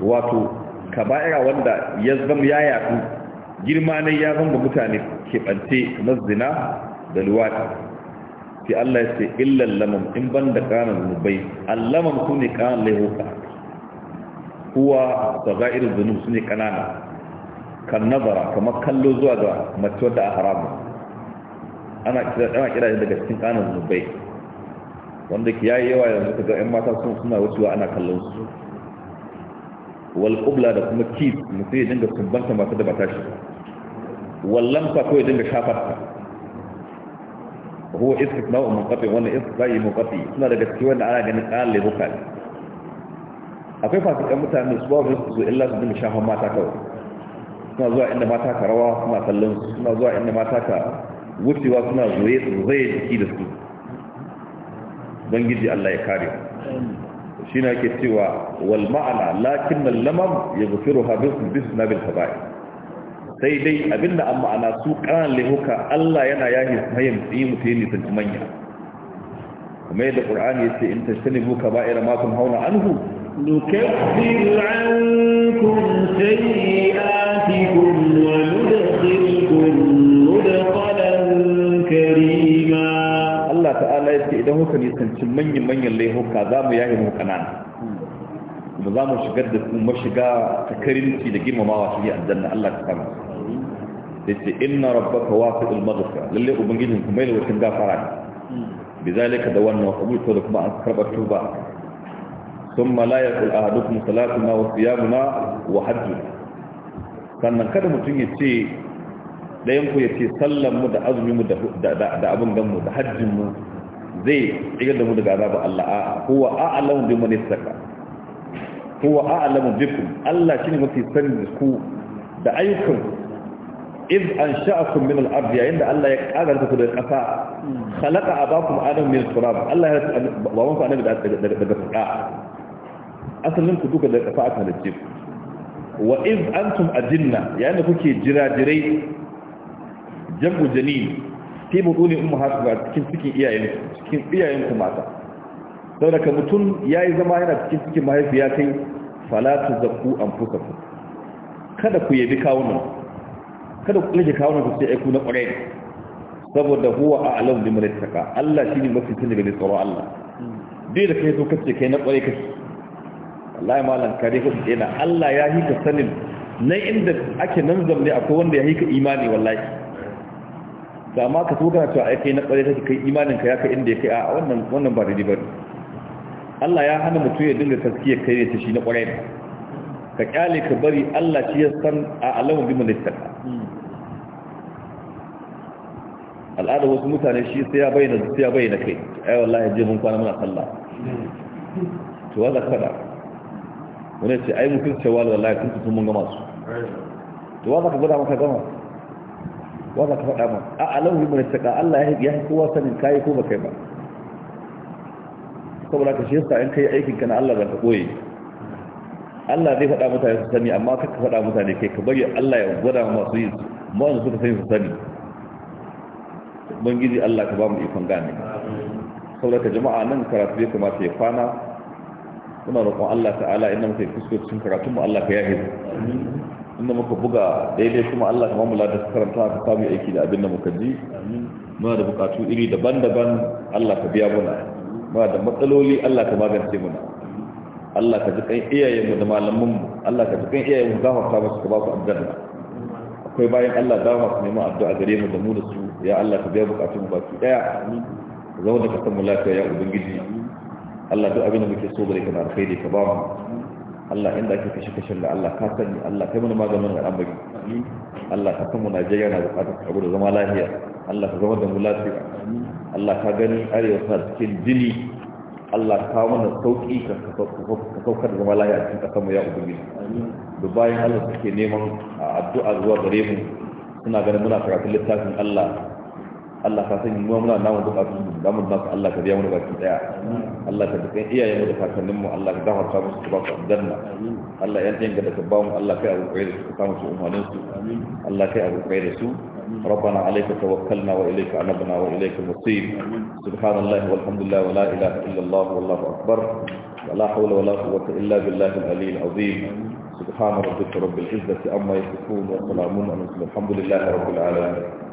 wato kaba'ira wanda ya zama ya yaku girma ne ya zama mutane keɓance kamar zina da luwata sai Allah ya ce illan lamam in ban da ƙanan zunubai allamam su ne ƙanan laihuka kuwa da za'irin zunub su ne ƙanana kan nazara kamar kallo zuwa ga mace wadda a haramu ana kira daga cikin ƙanan zunubai wanda ke yayi yawa yanzu ka ga 'yan mata suna wucewa ana kallon su wal qubla da kuma kif mutum ya dinga sumbanta masu da ba Wallan shi ko ya dinga ta huwa istisna'u munqati wannan istisna'i munqati suna daga cikin wanda ana ganin qalan li ne. akwai fasikan mutane su ba su zo illa su dinga shafan mata kawai suna zuwa inda mata ka rawa suna kallon su suna zuwa inda mata ka wucewa suna zoye su zai jiki da su bangiji Allah ya kare shi na ke cewa wal ma'ana lakin lamam ya gufiru habin bisu na bil haba'i sai dai abinda an ma'ana su ƙanan lehuka allah yana yahi mayan tsaye mutu yin nisanci manya kuma yadda ƙur'ani ya ce in tashtani buka ba'ira masu hauna anhu نكفر عنكم سيئاتكم وندخلكم idan muka nisanci manyan-manyan laihuka za mu yaye mu kanana ba za mu shigar da kuma shiga ta karinci da girmamawa shi a janna Allah ta kama da ce inna rabbaka wasi'ul maghfira lalle ubangijin kuma yana wucin gafara ne bizalika da wannan kabulto da kuma an karɓar tuba thumma la yaqul ahadukum salatuna wa siyamuna wa hajjuna sannan kada mutum ya ce ɗayan ku ya ce sallan mu da azumi mu da abin gan mu da hajjin mu zai tsigar da mu daga azabar Allah a huwa a'lamu bi man yattaka huwa a'lamu bikum Allah shine mafi sani da ku da ayyukan iz ansha'akum min al-ard yayin da Allah ya kagarta ku daga ƙasa khalaqa abakum adam min turab Allah ya baban ku annabi da daga ƙasa asalin ku duka daga ƙasa aka halice ku wa iz antum ajinna yayin da kuke jira jirai jabu janin fi buduni ummahatikum a cikin cikin iyayen cikin iyayen ku mata saboda ka mutum yayi zama yana cikin cikin mahaifiya kai fala tuzakku anfusakum kada ku yabi kawunan kada ku lake kawunan ku sai ku na ƙwarai saboda huwa a alam liman yattaka Allah shine mafi sani ga tsaro Allah dai da kai so kace kai na ƙwarai kace wallahi malam kare ku dena Allah ya hika sanin nan inda ake nan zamne akwai wanda ya hika imani wallahi da ma ka so ta cewa ai kai na kware take kai imanin ka ya kai inda ya kai a wannan wannan ba daidai bane Allah ya hana mutum ya dinga taskiya kai ne ta shi na kware ka kyale ka bari Allah shi ya san a alamu bi mun da al'ada wasu mutane shi sai ya bayyana sai ya bayyana kai ai wallahi je mun kwana muna sallah to wala kada wani ce ai mutum ce wallahi kun tun mun gama su to wanda ka gama ka gama wa za ka faɗa ma a alahu ibn taqa Allah ya yi kowa sanin kai ko ba kai ba saboda ka shi yasa in yi aikinka na Allah ba ka koyi Allah zai faɗa mutane su sani amma ka ka faɗa mutane kai ka bari Allah ya gwada masu yi mawanda suka sani su sani ubangiji Allah ka ba mu ikon gane saboda ka jama'a nan karatu ya kamata ya kwana muna roƙon Allah ta'ala inda muke fuskucin karatun mu Allah ka yahe inda muka buga daidai kuma Allah kamar mula da karanta ka samu aiki da abin da muka ji muna da bukatu iri daban-daban Allah ka biya muna muna da matsaloli Allah ka magance muna Allah ka jikan iyayenmu da Allah ka jikan iyayenmu gafarta musu ka ba ku aljanna akwai bayan Allah dama su neman addu'a gare mu da mu da su ya Allah ka biya bukatun mu baki daya zama da ka mu lafiya ya ubangiji Allah duk abin da muke so gare ka na alkhairi ka ba mu Allah inda ake kashe kashen da Allah ka sani Allah kai mana maganin al'amari Allah ka san mu Najeriya na bukatar abu da zama lafiya Allah ka zama da mu lafiya Allah ka gani arewa ta cikin jini Allah ka mana sauki ka sauka da zama lafiya a cikin kasar mu ya ubangiji da bayan Allah suke neman addu'a zuwa gare mu suna ganin muna karatun littafin Allah Allah ka sani mu muna namu bukatu da mu baka Allah ka biya mu baki daya Allah ka dukan iyaye mu da kakannin mu Allah ka gafarta musu ka ba su aljanna Allah ya dinga da ba mu Allah kai abu kai da su ka musu umarnin su Allah kai abu kai da su ربنا عليك توكلنا وإليك عنبنا وإليك المصير سبحان الله والحمد لله ولا إله إلا الله والله أكبر ولا حول ولا قوة إلا بالله العلي العظيم سبحان ربك رب العزة عما يصفون وسلام على الحمد لله رب العالمين